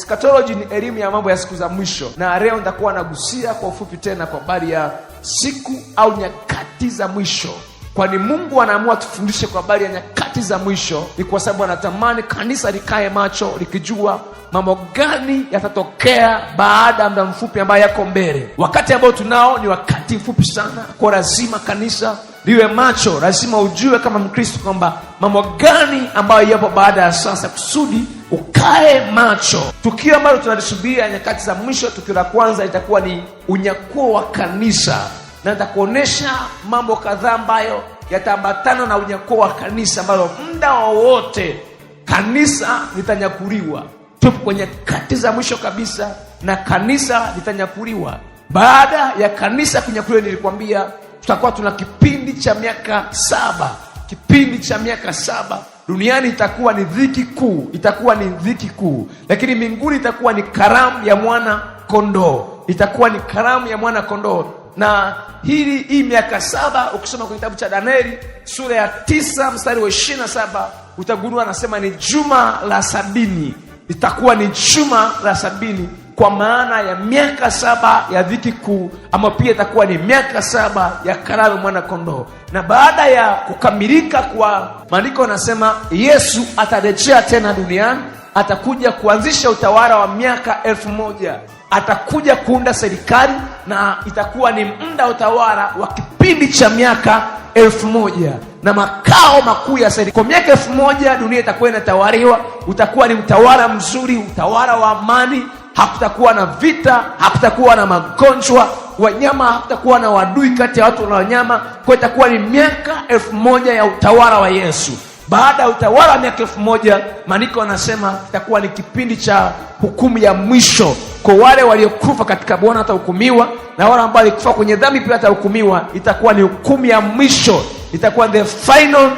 Eschatology ni elimu ya mambo ya siku za mwisho, na leo nitakuwa nagusia kwa ufupi tena kwa habari ya siku au nyakati za mwisho. Kwani Mungu anaamua tufundishe kwa habari ya nyakati za mwisho, ni kwa sababu anatamani kanisa likae macho likijua mambo gani yatatokea baada ya muda mfupi ambayo yako mbele. Wakati ambao tunao ni wakati mfupi sana, kwa lazima kanisa liwe macho, lazima ujue kama Mkristo kwamba mambo gani ambayo yapo baada ya sasa, kusudi ukae macho. Tukio ambalo tunalisubiria nyakati za mwisho, tukio la kwanza litakuwa ni unyakuo wa kanisa, na nitakuonyesha mambo kadhaa ambayo yataambatana na unyakuo wa kanisa, ambalo muda wowote kanisa litanyakuliwa. Tupo kwenye nyakati za mwisho kabisa, na kanisa litanyakuliwa. Baada ya kanisa kunyakuliwa, nilikwambia tutakuwa tuna kipindi cha miaka saba. Kipindi cha miaka saba duniani itakuwa ni dhiki kuu, itakuwa ni dhiki kuu, lakini mbinguni itakuwa ni karamu ya mwana kondoo, itakuwa ni karamu ya mwana kondoo. Na hili hii miaka saba, ukisoma kwenye kitabu cha Danieli sura ya tisa mstari wa ishirini na saba utagundua anasema ni juma la sabini, itakuwa ni juma la sabini kwa maana ya miaka saba ya dhiki kuu, ama pia itakuwa ni miaka saba ya karamu mwana kondoo. Na baada ya kukamilika kwa maandiko, anasema Yesu atarejea tena duniani, atakuja kuanzisha utawala wa miaka elfu moja atakuja kuunda serikali na itakuwa ni muda utawala wa kipindi cha miaka elfu moja na makao makuu ya serikali. Kwa miaka elfu moja dunia itakuwa inatawaliwa, utakuwa ni utawala mzuri, utawala wa amani hakutakuwa na vita, hakutakuwa na magonjwa, wanyama hakutakuwa na wadui kati ya watu na wanyama. Kwa itakuwa ni miaka elfu moja ya utawala wa Yesu. Baada ya utawala wa miaka elfu moja maandiko wanasema itakuwa ni kipindi cha hukumu ya mwisho kwa wale waliokufa katika Bwana watahukumiwa, na wale ambao walikufa kwenye dhambi pia watahukumiwa. Itakuwa ni hukumu ya mwisho, itakuwa the final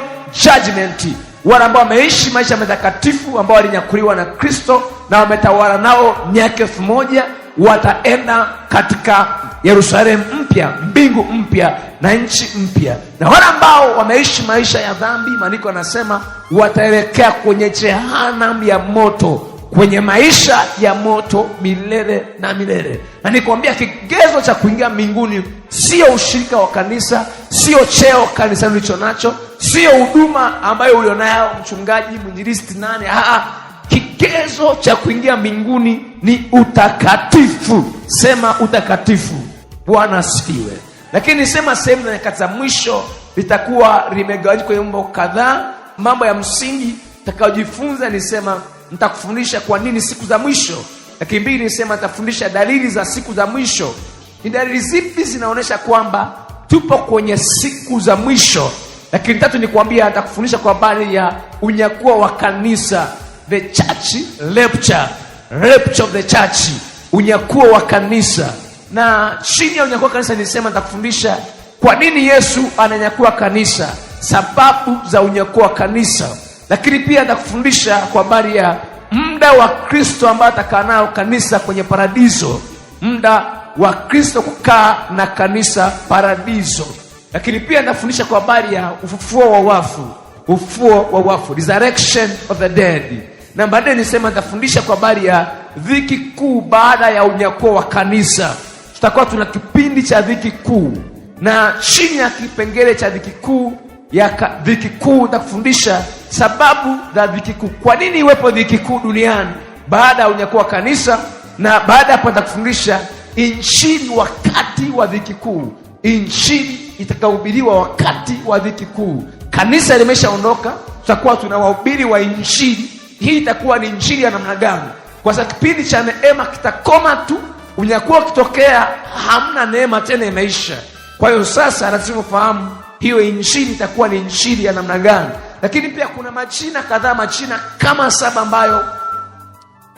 judgment. Wale ambao wameishi maisha matakatifu, ambao walinyakuliwa na Kristo na wametawala nao miaka elfu moja wataenda katika Yerusalemu mpya, mbingu mpya na nchi mpya. Na wale ambao wameishi maisha ya dhambi, maandiko anasema wataelekea kwenye jehanam ya moto, kwenye maisha ya moto milele na milele. Na nikwambia kigezo cha kuingia mbinguni sio ushirika wa kanisa, sio cheo kanisa ulicho nacho, sio huduma ambayo ulionayo, mchungaji, mwinjilisti, nani, ah, ah, kigezo cha kuingia mbinguni ni utakatifu. Sema utakatifu. Bwana asifiwe. Lakini sema sehemu na nyakati za mwisho litakuwa limegawanyika kwenye mambo kadhaa. Mambo ya msingi nitakayojifunza nisema, nitakufundisha kwa nini siku za mwisho. Lakini mbili, nisema nitafundisha dalili za siku za mwisho. Ni dalili zipi zinaonyesha kwamba tupo kwenye siku za mwisho? Lakini tatu, kuambia nitakufundisha kwa habari ya unyakuo wa kanisa the church rapture, rapture of the church, unyakuo wa kanisa. Na chini ya unyakuo wa kanisa nilisema nitakufundisha kwa nini Yesu ananyakua kanisa, sababu za unyakuo wa kanisa, lakini pia nitakufundisha kwa habari ya muda wa Kristo ambaye atakaa nao kanisa kwenye paradiso, muda wa Kristo kukaa na kanisa paradiso. Lakini pia nitafundisha kwa habari ya ufufuo wa wafu, ufufuo wa wafu, resurrection of the dead na baadaye nisema nitafundisha kwa habari ya dhiki kuu baada ya unyakuo wa kanisa. Tutakuwa tuna kipindi cha dhiki kuu, na chini ya kipengele cha dhiki kuu ya dhiki kuu nitakufundisha sababu za dhiki kuu, kwa nini iwepo dhiki kuu duniani baada ya unyakuo wa kanisa, na baada ya hapo nitakufundisha injili wakati wa dhiki kuu, injili itakayohubiriwa wakati wa dhiki kuu. Kanisa limeshaondoka, tutakuwa tuna wahubiri wa injili hii itakuwa ni injili ya namna gani? Kwa sababu kipindi cha neema kitakoma tu, unyakuwa ukitokea, hamna neema tena, imeisha. Kwa hiyo sasa lazima ufahamu hiyo injili itakuwa ni injili ya namna gani. Lakini pia kuna majina kadhaa, majina kama saba ambayo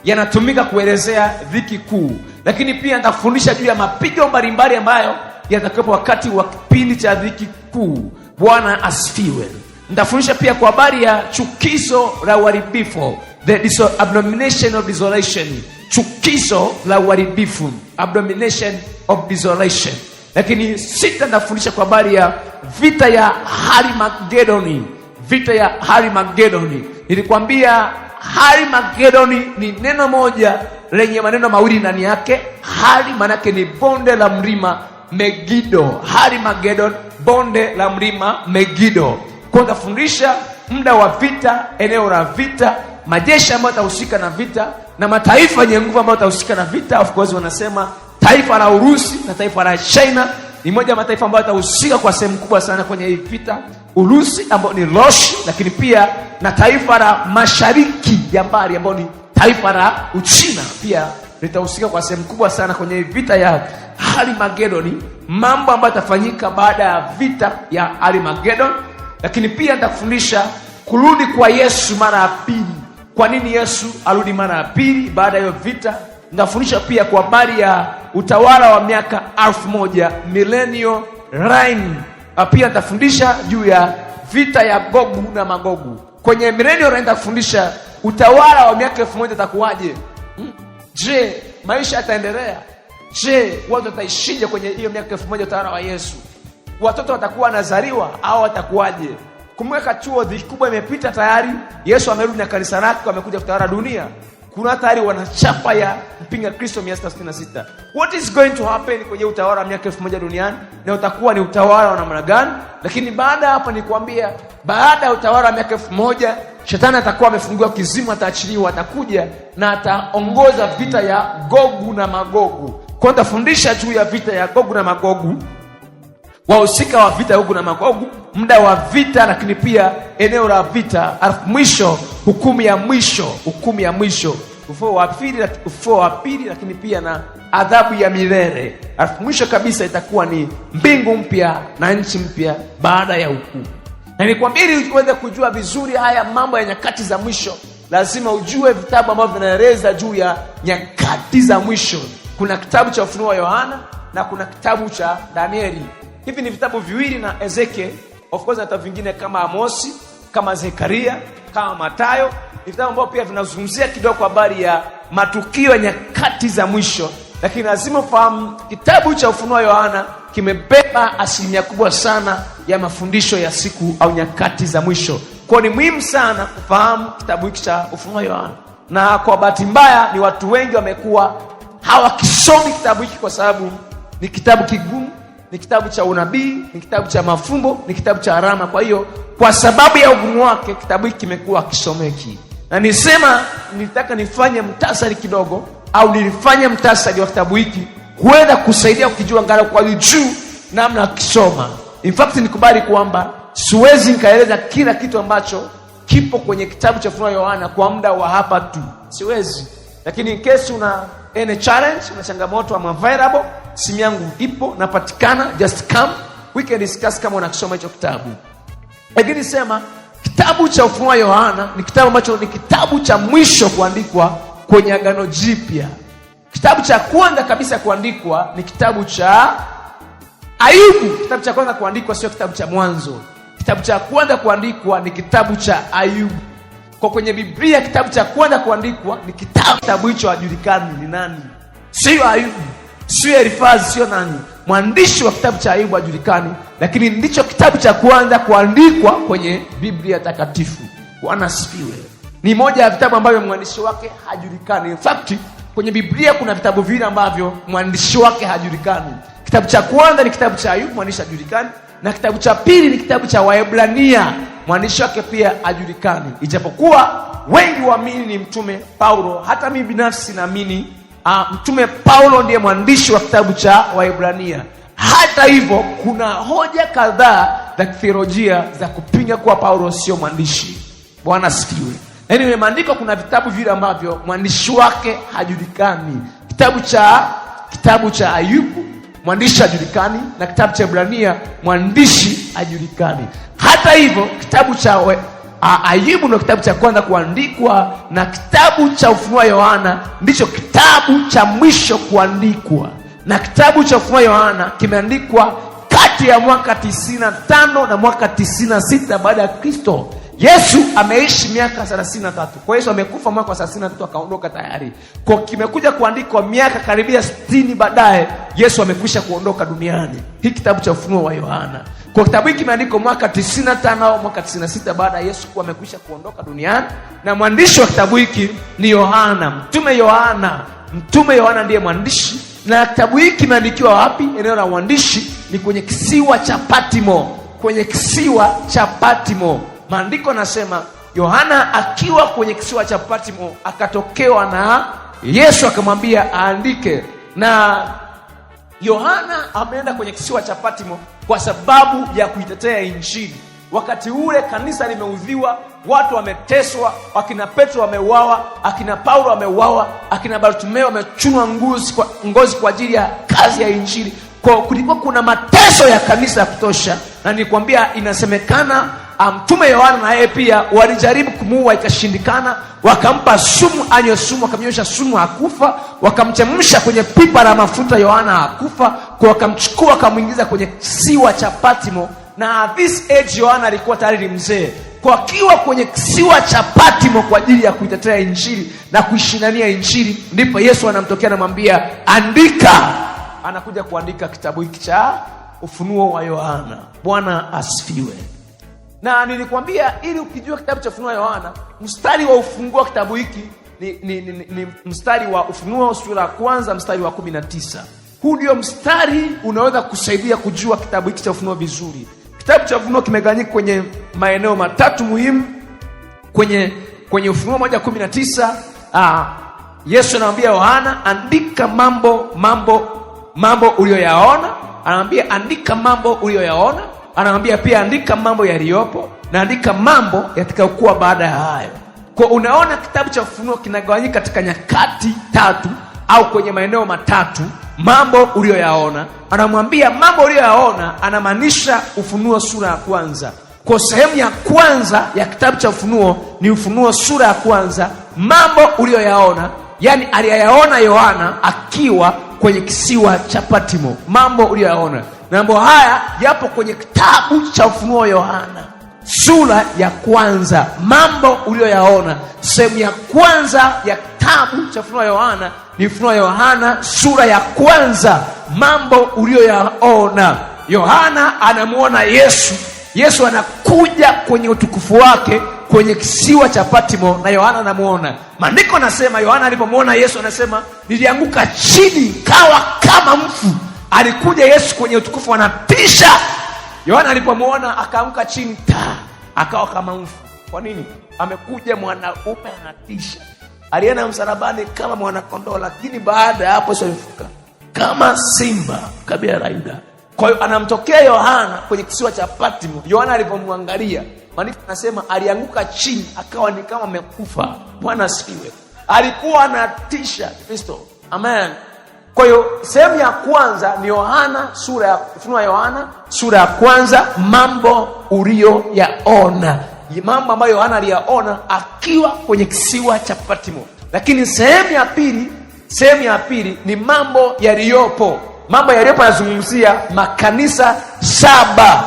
yanatumika kuelezea dhiki kuu, lakini pia nitafundisha juu ya mapigo mbalimbali ambayo yatakwepo wakati wa kipindi cha dhiki kuu. Bwana asifiwe. Nitafundisha pia kwa habari ya chukizo la uharibifu, the abomination of desolation, chukizo la uharibifu, abomination of desolation. Lakini sita, nitafundisha kwa habari ya vita ya Harmagedoni, vita ya Harmagedoni. Nilikwambia Harmagedoni ni neno moja lenye maneno mawili ndani yake. Hari manake ni bonde la mlima Megido. Harmagedoni, bonde la mlima Megido. Kwa utafundisha muda wa vita, eneo la vita, majeshi ambayo atahusika na vita na mataifa yenye nguvu ambayo atahusika na vita. Of course wanasema taifa la Urusi na taifa la China ni moja ya mataifa ambayo atahusika kwa sehemu kubwa sana kwenye hii vita. Urusi ambayo ni Roshi, lakini pia na taifa la mashariki ya mbali ambayo ni taifa la Uchina pia litahusika kwa sehemu kubwa sana kwenye vita ya Armageddon, mambo ambayo yatafanyika baada ya vita ya Armageddon lakini pia nitakufundisha kurudi kwa Yesu mara ya pili. Kwa nini Yesu arudi mara ya pili baada ya hiyo vita? Nitafundisha pia kwa habari ya utawala wa miaka alfu moja millennial reign. Pia nitafundisha juu ya vita ya Gogu na Magogu kwenye millennial reign. Nitakufundisha utawala wa miaka elfu moja utakuwaje? Hmm? Je, maisha yataendelea? Je, watu wataishije kwenye hiyo miaka elfu moja utawala wa Yesu? watoto watakuwa wanazaliwa au watakuwaje? Kumweka chuo kubwa imepita tayari. Yesu amerudi na kanisa lake, amekuja kutawala dunia. Kuna tayari wanachapa ya mpinga Kristo 166. What is going to happen kwenye utawala wa miaka elfu moja duniani na utakuwa ni utawala wa namna gani? Lakini baada hapa nikuambia, baada ya utawala wa miaka elfu moja shetani atakuwa amefungiwa kizimu, ataachiliwa, atakuja na ataongoza vita ya Gogu na Magogu. Kwa nitafundisha juu ya vita ya Gogu na Magogu wahusika wa vita huku na magogu muda wa vita, lakini pia eneo la vita. Alafu mwisho, hukumu ya mwisho, hukumu ya mwisho, ufuo wa pili, ufuo wa pili, lakini pia na adhabu ya milele. Alafu mwisho kabisa itakuwa ni mbingu mpya na nchi mpya baada ya hukumu. Na nilikwambia ili uweze kujua vizuri haya mambo ya nyakati za mwisho, lazima ujue vitabu ambavyo vinaeleza juu ya nyakati za mwisho. Kuna kitabu cha Ufunuo wa Yohana na kuna kitabu cha Danieli. Hivi ni vitabu viwili na Ezekiel, of course hata vingine kama Amosi, kama Zekaria, kama matayo Ni vitabu ambavyo pia vinazungumzia kidogo habari ya matukio ya nyakati za mwisho, lakini lazima ufahamu kitabu cha Ufunuo Yohana kimebeba asilimia kubwa sana ya mafundisho ya siku au nyakati za mwisho. Kwa ni muhimu sana kufahamu kitabu hiki cha Ufunuo Yohana, na kwa bahati mbaya ni watu wengi wamekuwa hawakisomi kitabu hiki kwa sababu ni kitabu kigumu ni kitabu cha unabii, ni kitabu cha mafumbo, ni kitabu cha alama. Kwa hiyo kwa sababu ya ugumu wake kitabu hiki kimekuwa kisomeki, na nisema nilitaka nifanye mtasari kidogo, au nilifanya mtasari wa kitabu hiki huenda kusaidia ukijua angalau kwa juu namna kisoma. In fact nikubali kwamba siwezi nikaeleza kila kitu ambacho kipo kwenye kitabu cha Funua Yohana kwa muda wa hapa tu, siwezi. Lakini in case una any challenge, una changamoto, am available simu yangu ipo, napatikana, just come, we can discuss kama unakisoma hicho kitabu. Lakini sema kitabu cha Ufunuo wa Yohana ni kitabu ambacho ni kitabu cha mwisho kuandikwa kwenye Agano Jipya. Kitabu cha kwanza kabisa kuandikwa ni kitabu cha Ayubu. Kitabu cha kwanza kuandikwa sio kitabu cha Mwanzo. Kitabu cha kwanza kuandikwa ni kitabu cha Ayubu. Kwa kwenye Biblia kitabu cha kwanza kuandikwa ni kitabu, kitabu hicho hajulikani ni nani, sio Ayubu sio Elifazi, sio nani, mwandishi wa kitabu cha Ayubu ajulikani, lakini ndicho kitabu cha kwanza kuandikwa kwenye Biblia Takatifu. Bwana asifiwe. Ni moja ya vitabu ambavyo mwandishi wake hajulikani. In fact, kwenye Biblia kuna vitabu vile ambavyo mwandishi wake hajulikani. Kitabu cha kwanza ni kitabu cha Ayubu, mwandishi hajulikani, na kitabu cha pili ni kitabu cha Waebrania, mwandishi wake pia hajulikani, ijapokuwa wengi waamini ni Mtume Paulo. Hata mimi binafsi naamini uh, Mtume Paulo ndiye mwandishi wa kitabu cha Waibrania. Hata hivyo kuna hoja kadhaa za kithiolojia za kupinga kuwa Paulo sio mwandishi. Bwana sifiwe. Yaani maandiko kuna vitabu vile ambavyo mwandishi wake hajulikani. Kitabu cha kitabu cha Ayubu mwandishi hajulikani na kitabu cha Ibrania mwandishi hajulikani. Hata hivyo kitabu cha Ayubu ndio kitabu cha kwanza kuandikwa na kitabu cha Ufunuo wa Yohana ndicho kitabu cha mwisho kuandikwa, na kitabu cha Ufunuo wa Yohana kimeandikwa kati ya mwaka 95 na mwaka 96 baada ya Kristo. Yesu ameishi miaka 33. Kwa Yesu amekufa mwaka wa 33 akaondoka tayari. Kwa kimekuja kuandikwa miaka karibia sitini baadaye Yesu amekwisha kuondoka duniani. Hii kitabu cha Ufunuo wa Yohana. Kwa kitabu hiki kimeandikwa mwaka 95 au mwaka 96 baada ya Yesu kuwa amekwisha kuondoka duniani na mwandishi wa kitabu hiki ni Yohana, Mtume Yohana. Mtume Yohana ndiye mwandishi na kitabu hiki kimeandikiwa wapi? Eneo la uandishi ni kwenye kisiwa cha Patmo, kwenye kisiwa cha Patmo. Maandiko anasema Yohana akiwa kwenye kisiwa cha Patmo akatokewa na Yesu akamwambia aandike. Na Yohana ameenda kwenye kisiwa cha Patmo kwa sababu ya kuitetea Injili. Wakati ule kanisa limeudhiwa, watu wameteswa, akina Petro wameuawa, akina Paulo wameuawa, akina bartumeo wamechunwa ngozi kwa ajili ya kazi ya Injili. Kwa kulikuwa kuna mateso ya kanisa ya kutosha, na nilikwambia inasemekana Ah, mtume Yohana na yeye pia walijaribu kumuua ikashindikana, wakampa sumu anywe sumu, wakamnyonyesha sumu hakufa, wakamchemsha kwenye pipa la mafuta, Yohana hakufa, kwa wakamchukua wakamwingiza kwenye kisiwa cha patmo na at this age Yohana alikuwa tayari mzee, kwakiwa kwenye kisiwa cha patmo kwa ajili ya kuitetea injili na kuishindania injili, ndipo Yesu anamtokea anamwambia, andika. Anakuja kuandika kitabu hiki cha Ufunuo wa Yohana. Bwana asifiwe na nilikwambia ili ukijua kitabu cha Ufunuo Yohana, mstari wa ufunguo wa kitabu hiki ni, ni, ni, ni mstari wa Ufunuo sura ya kwanza mstari wa kumi na tisa. Huu ndio mstari unaweza kusaidia kujua kitabu hiki cha Ufunuo vizuri. Kitabu cha Ufunuo kimeganyika kwenye maeneo matatu muhimu kwenye kwenye Ufunuo moja kumi na tisa. Aa, ah, Yesu anamwambia Yohana andika mambo mambo mambo uliyoyaona, anamwambia andika mambo uliyoyaona anamwambia pia, andika mambo yaliyopo na andika mambo yatakayokuwa baada ya hayo. Kwa unaona kitabu cha Ufunuo kinagawanyika katika nyakati tatu au kwenye maeneo matatu. Mambo uliyoyaona, anamwambia mambo uliyoyaona, anamaanisha Ufunuo sura ya kwanza. Kwa sehemu ya kwanza ya kitabu cha Ufunuo ni Ufunuo sura ya kwanza, mambo uliyoyaona, yani aliyoyaona Yohana akiwa kwenye kisiwa cha Patimo, mambo uliyoyaona na mambo haya yapo kwenye kitabu cha Ufunuo Yohana sura ya kwanza. Mambo uliyoyaona sehemu ya kwanza ya kitabu cha Ufunuo Yohana ni Ufunuo Yohana sura ya kwanza, mambo uliyoyaona. Yohana anamwona Yesu, Yesu anakuja kwenye utukufu wake kwenye kisiwa cha Patmo na Yohana anamwona. Maandiko nasema Yohana alipomwona Yesu anasema nilianguka chini kawa kama mfu. Alikuja Yesu kwenye utukufu anatisha. Yohana alipomwona akaanguka chini ta akawa kama mfu. Kwa nini? Amekuja mwanaume anatisha, alienda msalabani kama mwanakondoo, lakini baada ya hapo Yesu kama simba kabila la Yuda. Kwa hiyo anamtokea Yohana kwenye kisiwa cha Patmo. Yohana alipomwangalia, maandiko anasema alianguka chini akawa ni kama amekufa. Bwana asifiwe. Alikuwa anatisha Kristo. Amen. Kwa hiyo sehemu ya kwanza ni Yohana sura ya Ufunuo, Yohana sura ya kwanza, mambo uliyoyaona, mambo ambayo Yohana aliyaona akiwa kwenye kisiwa cha Patmo. Lakini sehemu ya pili, sehemu ya pili ni mambo yaliyopo mambo yaliyopo yanazungumzia makanisa saba,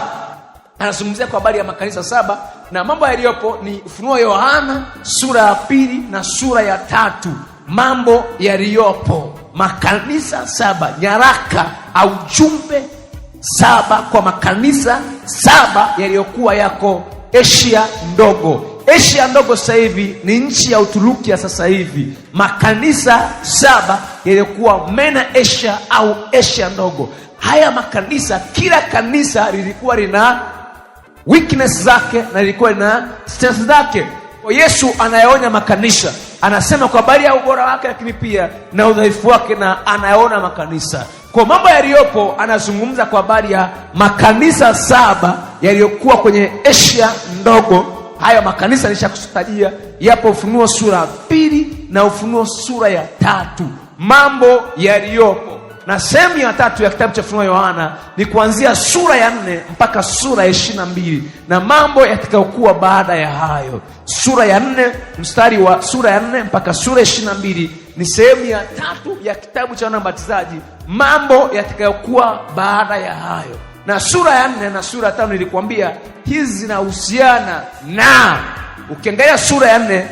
anazungumzia kwa habari ya makanisa saba, na mambo yaliyopo ni Ufunuo Yohana sura ya pili na sura ya tatu. Mambo yaliyopo makanisa saba, nyaraka au jumbe saba kwa makanisa saba yaliyokuwa yako Asia ndogo. Asia ndogo sasa hivi ni nchi ya Uturuki ya sasa hivi. Makanisa saba yaliyokuwa Mena Asia au Asia ndogo, haya makanisa, kila kanisa lilikuwa lina weakness zake na lilikuwa lina strength zake. Kwa Yesu anayaonya makanisa, anasema kwa habari ya ubora wake, lakini pia na udhaifu wake, na anayaona makanisa kwa mambo yaliyopo. Anazungumza kwa habari ya makanisa saba yaliyokuwa kwenye Asia ndogo Hayo makanisa nishakutajia, yapo Ufunuo sura ya pili na Ufunuo sura ya tatu, mambo yaliyopo. Na sehemu ya tatu ya kitabu cha Ufunuo Yohana ni kuanzia sura ya nne mpaka sura ya ishirini na mbili na mambo yatakayokuwa baada ya hayo. Sura ya nne mstari wa sura ya nne mpaka sura ya ishirini na mbili ni sehemu ya tatu ya kitabu cha Yohana Mbatizaji, mambo yatakayokuwa baada ya hayo na sura ya nne na sura ya tano ilikuambia hizi zinahusiana na. Ukiangalia sura ya nne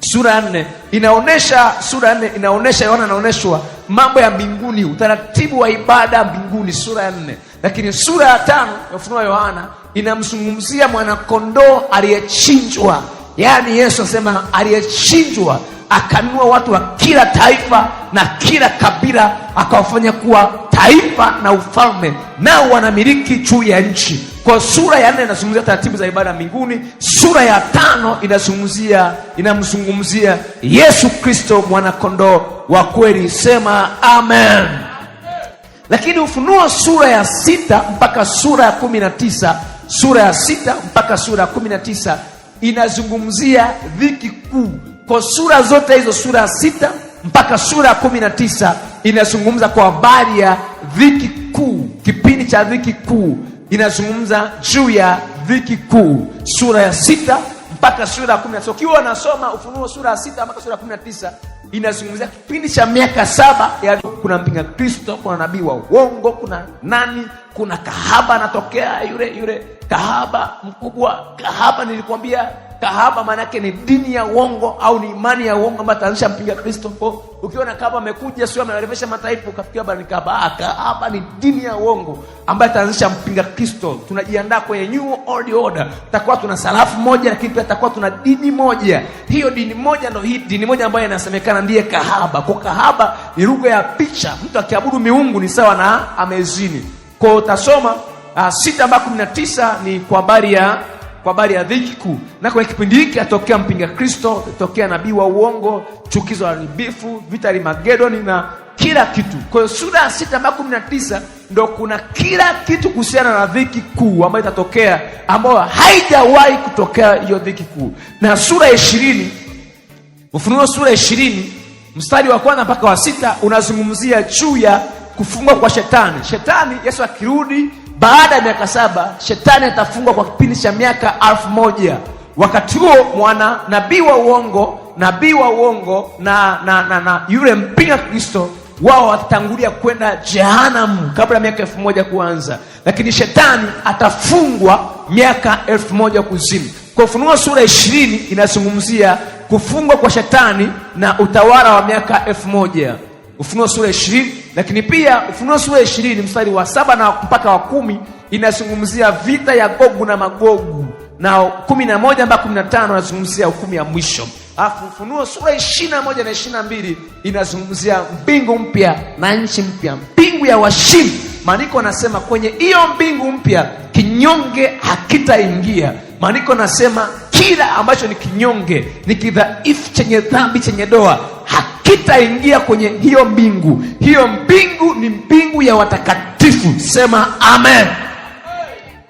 sura ya nne inaonesha sura ya nne inaonesha, Yohana anaonyeshwa mambo ya mbinguni, utaratibu wa ibada mbinguni, sura ya nne. Lakini sura ya tano ya Ufunuo wa Yohana inamzungumzia mwanakondoo aliyechinjwa, yaani Yesu anasema aliyechinjwa akanunua watu wa kila taifa na kila kabila akawafanya kuwa taifa na ufalme, nao wanamiliki juu ya nchi. Kwa sura ya nne inazungumzia taratibu za ibada mbinguni, sura ya tano inazungumzia inamzungumzia Yesu Kristo mwanakondoo wa kweli. Sema amen. Lakini Ufunuo sura ya sita mpaka sura ya kumi na tisa sura ya sita mpaka sura ya kumi na tisa inazungumzia dhiki kuu. Kwa sura zote hizo, sura ya sita mpaka sura ya kumi na tisa inazungumza kwa habari ya dhiki kuu, kipindi cha dhiki kuu inazungumza juu ya dhiki kuu, sura ya sita mpaka sura ya kumi na tisa. Ukiwa wanasoma Ufunuo sura ya sita mpaka sura ya kumi na tisa inazungumzia kipindi cha miaka saba ya yaani kuna mpinga Kristo, kuna nabii wa uongo, kuna nani, kuna kahaba anatokea, yule yule kahaba mkubwa, kahaba nilikwambia kahaba maanake ni dini ya uongo au ni imani ya uongo ambayo ataanzisha mpinga Kristo. Kwa na kahaba amekuja sio amewarefesha mataifa ukafikia bali kahaba. kahaba. Kahaba ni dini ya uongo ambayo ataanzisha mpinga Kristo. Tunajiandaa kwenye new old order. Tutakuwa tuna salafu moja lakini pia tutakuwa tuna dini moja. Hiyo dini moja ndio hii dini moja ambayo inasemekana ndiye kahaba. Kwa kahaba ni lugha ya picha. Mtu akiabudu miungu ni sawa na amezini. Kwa utasoma 6:19 ah, ni kwa habari ya kwa habari ya dhiki kuu. Na kwenye kipindi hiki atokea mpinga Kristo, atokea nabii wa uongo, chukizo la haribifu, vita Magedoni na kila kitu. Kwa hiyo sura ya sita mpaka kumi na tisa ndo kuna kila kitu kuhusiana na dhiki kuu ambayo itatokea, ambayo haijawahi kutokea hiyo dhiki kuu. Na sura ya ishirini, Ufunuo sura ishirini mstari wa kwanza mpaka wa sita unazungumzia juu ya kufungwa kwa shetani. Shetani Yesu akirudi baada ya miaka saba shetani atafungwa kwa kipindi cha miaka alfu moja. Wakati huo mwana nabii wa uongo, nabii wa uongo na, na, na, na yule mpinga Kristo wao watatangulia kwenda jehanamu kabla ya miaka elfu moja kuanza, lakini shetani atafungwa miaka elfu moja kuzimu. Kwa Ufunuo sura ishirini inazungumzia kufungwa kwa shetani na utawala wa miaka elfu moja. Ufunuo sura ya ishirini, lakini pia Ufunuo sura ya ishirini mstari wa saba na mpaka wa kumi inazungumzia vita ya Gogu na Magogu, na kumi na moja mpaka kumi na tano inazungumzia hukumu ya mwisho. Alafu Ufunuo sura ishirini na moja na ishirini na mbili inazungumzia mbingu mpya na nchi mpya, mbingu ya washindi. Maandiko anasema kwenye hiyo mbingu mpya kinyonge hakitaingia. Maandiko anasema kila ambacho ni kinyonge, ni kidhaifu, chenye dhambi, chenye doa sitaingia kwenye hiyo mbingu. Hiyo mbingu ni mbingu ya watakatifu. Sema amen,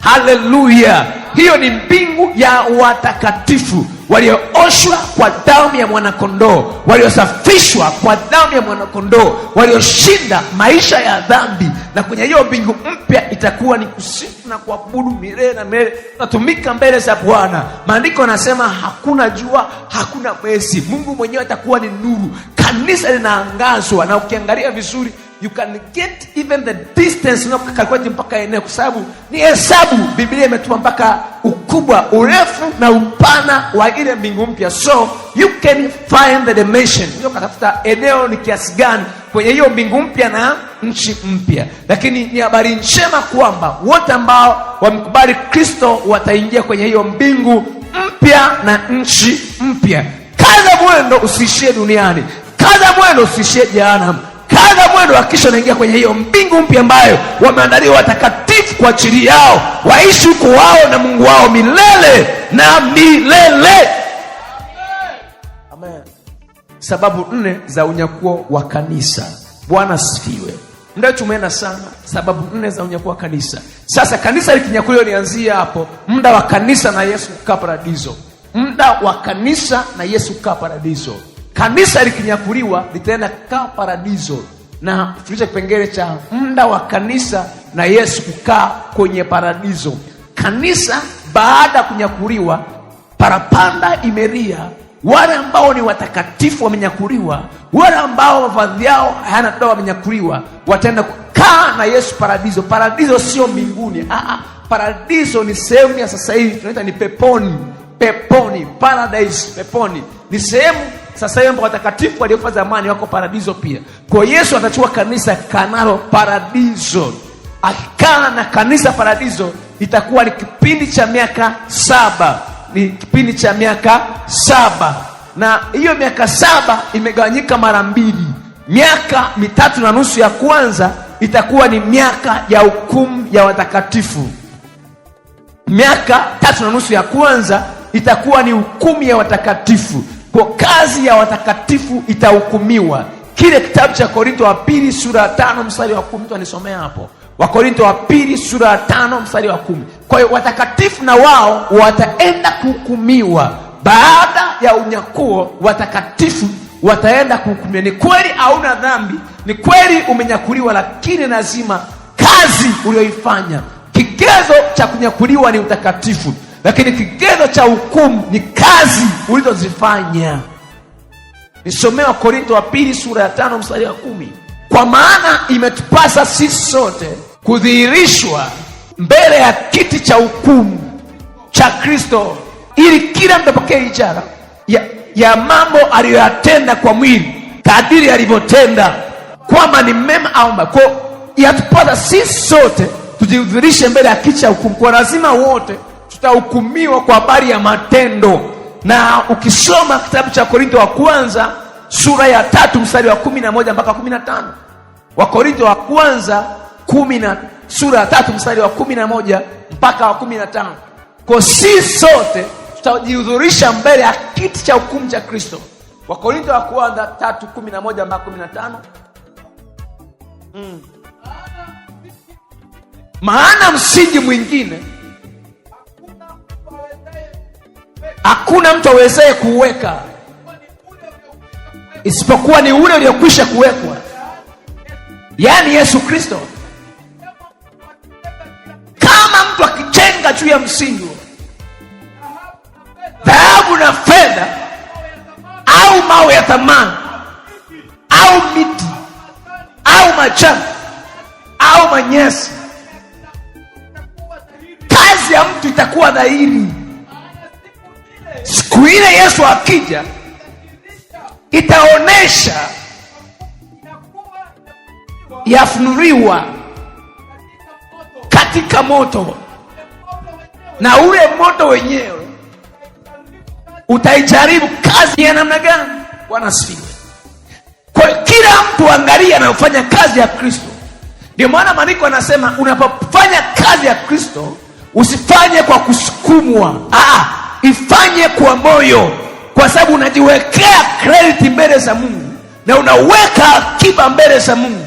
haleluya. Hiyo ni mbingu ya watakatifu waliooshwa kwa damu ya mwanakondoo, waliosafishwa kwa damu ya mwanakondoo, walioshinda maisha ya dhambi. Na kwenye hiyo mbingu mpya itakuwa ni kusifu na kuabudu milele na milele, tunatumika mbele za Bwana. Maandiko anasema hakuna jua, hakuna mwezi, Mungu mwenyewe atakuwa ni nuru kanisa linaangazwa, na ukiangalia vizuri you can get even the distance na mpaka eneo, kwa sababu ni hesabu. Biblia imetuma mpaka ukubwa, urefu na upana wa ile mbingu mpya, so you can find the dimension, ndio katafuta eneo ni kiasi gani kwenye hiyo mbingu mpya na nchi mpya. Lakini ni habari njema kwamba wote ambao wamkubali Kristo wataingia kwenye hiyo mbingu mpya na nchi mpya. Kaza mwendo, usiishie duniani. Kaza mwendo usishie jehanamu. Kaza mwendo hakikisha unaingia kwenye hiyo mbingu mpya ambayo wameandaliwa watakatifu kwa ajili yao, waishi huko wao na Mungu wao milele na milele. Amen. Sababu nne za unyakuo wa kanisa. Bwana sifiwe. Ndio tumeenda sana sababu nne za unyakuo wa kanisa. Sasa kanisa likinyakuliwa, nianzie hapo, muda wa kanisa na Yesu kukaa paradiso, muda wa kanisa na Yesu kukaa paradiso. Kanisa likinyakuliwa litaenda kaa paradiso, na tulicho kipengele cha muda wa kanisa na Yesu kukaa kwenye paradiso. Kanisa baada ya kunyakuliwa, parapanda imeria wale ambao ni watakatifu wamenyakuliwa, wale ambao mavazi yao hayana doa wamenyakuliwa, wataenda kukaa na Yesu paradiso. Paradiso sio mbinguni, ah, paradiso ni sehemu ya sasa hivi tunaita ni peponi, peponi, paradise, peponi ni sehemu sasa hiyo watakatifu waliofa zamani wako paradiso pia. Kwa Yesu atachukua kanisa kanalo paradiso. Akikana na kanisa paradiso itakuwa ni kipindi cha miaka saba, ni kipindi cha miaka saba, na hiyo miaka saba imegawanyika mara mbili. Miaka mitatu na nusu ya kwanza itakuwa ni miaka ya hukumu ya watakatifu. Miaka tatu na nusu ya kwanza itakuwa ni hukumu ya watakatifu kwa kazi ya watakatifu itahukumiwa. Kile kitabu cha Korinto wa pili sura ya tano mstari wa kumi, mtu alisomea hapo, Wakorinto wa pili sura ya tano mstari wa kumi. Kwa hiyo watakatifu na wao wataenda kuhukumiwa baada ya unyakuo, watakatifu wataenda kuhukumiwa. Ni kweli hauna dhambi, ni kweli umenyakuliwa, lakini lazima kazi uliyoifanya. Kigezo cha kunyakuliwa ni utakatifu lakini kigezo cha hukumu ni kazi ulizozifanya. Nisomea korinto wa pili sura ya tano mstari wa kumi kwa maana imetupasa sisi sote kudhihirishwa mbele ya kiti cha hukumu cha Kristo, ili kila mtapokea ijara ya, ya mambo aliyoyatenda kwa mwili kadiri alivyotenda, kwamba ni mema au mabaya. Yatupasa sisi sote tujidhihirishe mbele ya kiti cha hukumu, kwa lazima wote tutahukumiwa kwa habari ya matendo. Na ukisoma kitabu cha Korintho wa kwanza sura ya tatu mstari wa kumi na moja mpaka kumi na tano Wakorintho wa kwanza kumina, sura ya tatu mstari wa kumi na moja mpaka wa kumi na tano ko si sote tutajihudhurisha mbele ya kiti cha hukumu cha Kristo. Wakorintho wa kwanza tatu kumi na moja mpaka kumi na tano mm. Maana msingi mwingine hakuna mtu awezaye kuuweka isipokuwa ni ule uliokwisha kuwekwa, yaani Yesu Kristo. Kama mtu akijenga juu ya msingi dhahabu na fedha au mawe ya thamani au miti au majani au manyesi kazi ya mtu itakuwa dhahiri. Siku ile Yesu akija, itaonesha yafunuliwa katika moto, na ule moto wenyewe utaijaribu kazi ya namna gani. Bwana asifiwe. Kwa kila mtu angalia anayofanya kazi ya Kristo. Ndio maana maandiko anasema unapofanya kazi ya Kristo usifanye kwa kusukumwa. Ah, ah ifanye kwa moyo, kwa sababu unajiwekea credit mbele za Mungu na unaweka akiba mbele za Mungu.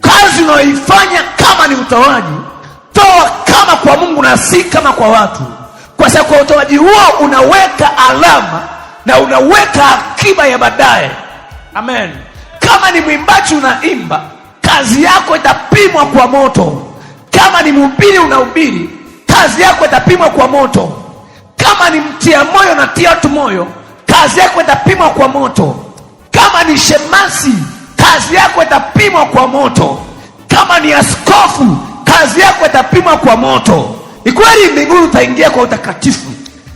Kazi unayoifanya kama ni utoaji, toa kama kwa Mungu na si kama kwa watu, kwa sababu kwa utoaji huo unaweka alama na unaweka akiba ya baadaye. Amen. Kama ni mwimbaji unaimba, kazi yako itapimwa kwa moto. Kama ni mhubiri unahubiri, kazi yako itapimwa kwa moto. Kama ni mtia moyo na tia tu moyo, kazi yako itapimwa kwa moto. Kama ni shemasi, kazi yako itapimwa kwa moto. Kama ni askofu, kazi yako itapimwa kwa moto. Ni kweli mbinguni utaingia kwa utakatifu,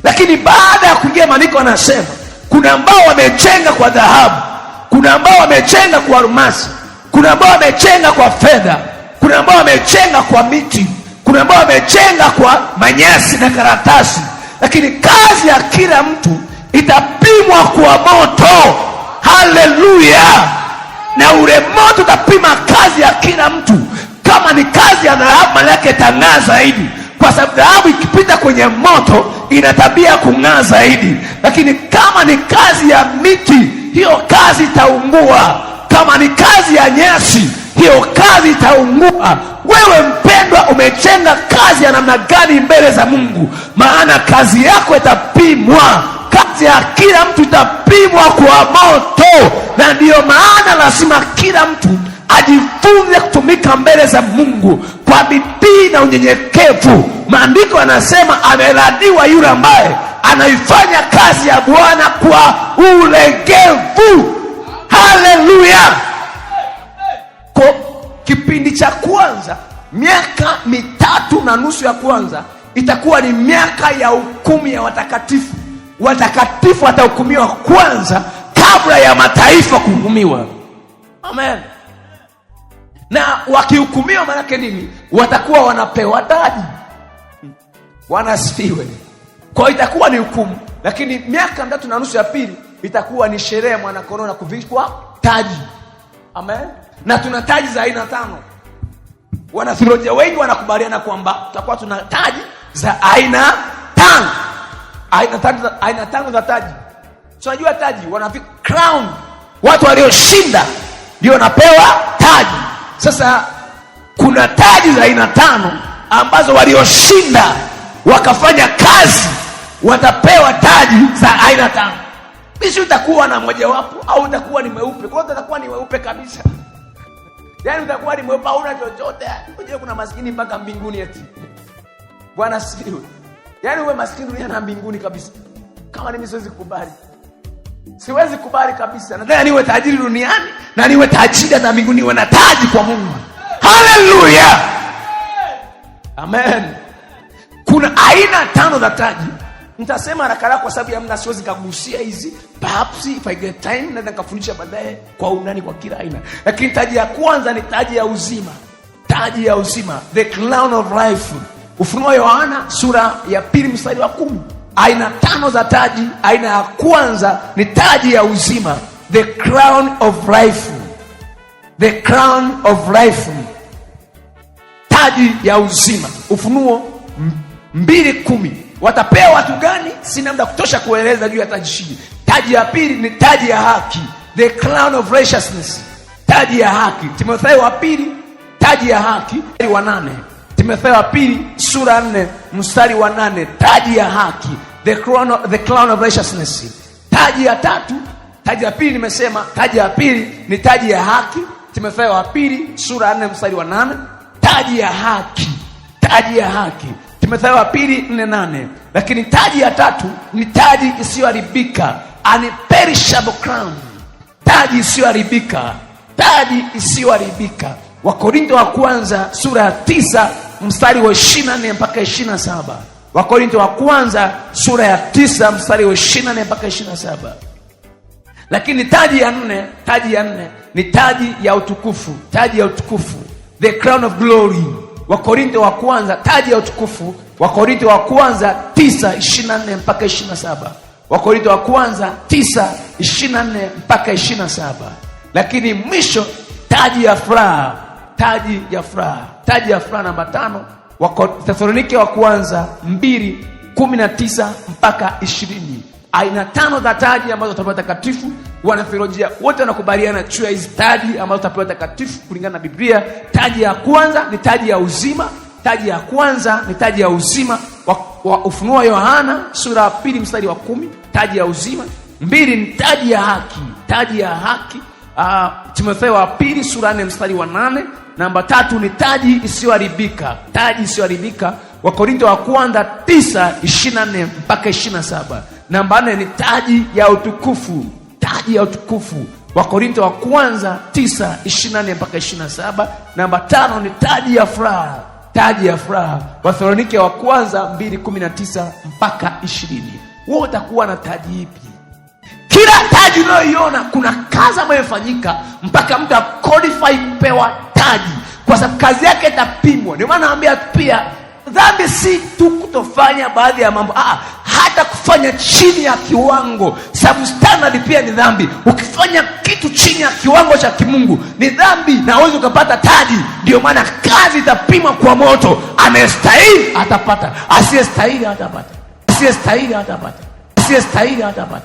lakini baada ya kuingia, maandiko anasema kuna ambao wamechenga kwa dhahabu, kuna ambao wamechenga kwa almasi, kuna ambao wamechenga kwa fedha, kuna ambao wamechenga kwa miti, kuna ambao wamechenga kwa manyasi na karatasi lakini kazi ya kila mtu itapimwa kwa moto. Haleluya! Na ule moto utapima kazi ya kila mtu. Kama ni kazi ya dhahabu, maana yake itang'aa zaidi, kwa sababu dhahabu ikipita kwenye moto ina tabia kung'aa zaidi. Lakini kama ni kazi ya miti, hiyo kazi itaungua. Kama ni kazi ya nyasi hiyo kazi itaungua. Wewe mpendwa, umechenga kazi ya namna gani mbele za Mungu? Maana kazi yako itapimwa, kazi ya kila mtu itapimwa kwa moto, na ndiyo maana lazima kila mtu ajifunze kutumika mbele za Mungu kwa bidii na unyenyekevu. Maandiko yanasema ameradiwa yule ambaye anaifanya kazi ya Bwana kwa ulegevu. Haleluya! kipindi cha kwanza, miaka mitatu na nusu ya kwanza itakuwa ni miaka ya hukumu ya watakatifu. Watakatifu watahukumiwa kwanza kabla ya mataifa kuhukumiwa. Amen. Na wakihukumiwa, maanake nini? Watakuwa wanapewa taji, wanasifiwe. Kwa hiyo itakuwa ni hukumu, lakini miaka mitatu na nusu ya pili itakuwa ni sherehe ya mwana kuvikwa taji. Amen na tuna taji za aina tano. Wanatheolojia wengi wanakubaliana kwamba tutakuwa tuna taji za aina tano, aina tano za, aina tano za taji. Tunajua taji, wana crown, watu walioshinda ndio wanapewa taji. Sasa kuna taji za aina tano ambazo walioshinda wakafanya kazi watapewa taji za aina tano. bisi utakuwa na mojawapo au utakuwa ni mweupe. Kwa hiyo utakuwa ni weupe kabisa yaani utakuwa ni mwepa, una chochote. Unajua kuna maskini mpaka mbinguni eti. Bwana sifiwe. Yaani uwe maskini duniani na mbinguni kabisa. Kama mimi siwezi kukubali. Siwezi kubali kabisa. Nataka niwe tajiri duniani na niwe tajiri na mbinguni, niwe na taji kwa Mungu. Haleluya. Amen. Kuna aina tano za taji Nitasema haraka kwa sababu mna siwezi kagusia hizi. Perhaps if I get time naweza nikafundisha baadaye kwa undani kwa kila aina, lakini taji ya kwanza ni taji ya uzima, taji ya uzima, the crown of life. Ufunuo Yohana sura ya pili mstari wa kumi. Aina tano za taji. Aina ya kwanza ni taji ya uzima, the crown of life, the crown of life, taji ya uzima. Ufunuo mbili kumi. Watapewa watu gani? Sina muda kutosha kueleza juu ya taji hili. Taji ya pili ni taji ya haki, the crown of righteousness, taji ya haki. Timotheo wa pili, taji ya haki wa nane. Timotheo wa pili sura nne mstari wa nane, taji ya haki, the crown of, the crown of righteousness. Taji ya tatu, taji ya pili nimesema, taji ya pili ni taji ya haki. Timotheo wa pili sura nne mstari wa nane, taji ya haki, taji ya haki Timotheo wa pili nne nane. Lakini taji ya tatu ni taji isiyoharibika, an perishable crown, taji isiyoharibika, taji isiyoharibika. Wakorintho wa kwanza sura ya tisa mstari wa ishirini na nne mpaka ishirini na saba. Wakorintho wa kwanza sura ya tisa mstari wa ishirini na nne mpaka ishirini na saba. Lakini taji ya nne, taji ya nne ni taji ya utukufu, taji ya utukufu, the crown of glory wakorinto wa kwanza, taji ya utukufu. wakorinto wa kwanza nne mpaka 27. wakorinto wa kwanza nne mpaka 27. Lakini mwisho taji ya furaha, taji ya furaha, taji ya furaha namba tano. Wathesalonike wa kwanza 2:19 mpaka 20 aina tano za taji ambazo utapewa takatifu. Wanatheolojia wote wanakubaliana juu ya hizi taji ambazo utapewa takatifu kulingana na Biblia. Taji ya kwanza ni taji ya uzima. Taji ya kwanza ni taji ya uzima wa, wa Ufunuo wa Yohana sura ya pili mstari wa kumi. Taji ya uzima. Mbili ni taji ya haki, taji ya haki uh, Timotheo wa pili sura nne mstari wa nane. Namba tatu ni taji isiyoharibika, taji isiyoharibika Wakorinto wa kwanza 9:24 mpaka 27. Namba 4 ni taji ya utukufu, taji ya utukufu. Wakorinto wa kwanza 9:24 mpaka 27. Namba tano ni taji ya furaha, taji ya furaha. Wathesalonike wa kwanza 2:19 mpaka 20. Wewe utakuwa na taji ipi? Kila taji unayoiona kuna kazi ambayo imefanyika mpaka mtu akodifai kupewa taji, kwa sababu kazi yake itapimwa. Ndio maana naambia pia Dhambi si tu kutofanya baadhi ya mambo ah, ah, hata kufanya chini ya kiwango. Substandard pia ni dhambi. Ukifanya kitu chini ya kiwango cha kimungu ni dhambi, na uwezi ukapata taji. Ndio maana kazi itapimwa kwa moto. Anayestahili atapata, asiyestahili atapata asiyestahili atapata asiyestahili atapata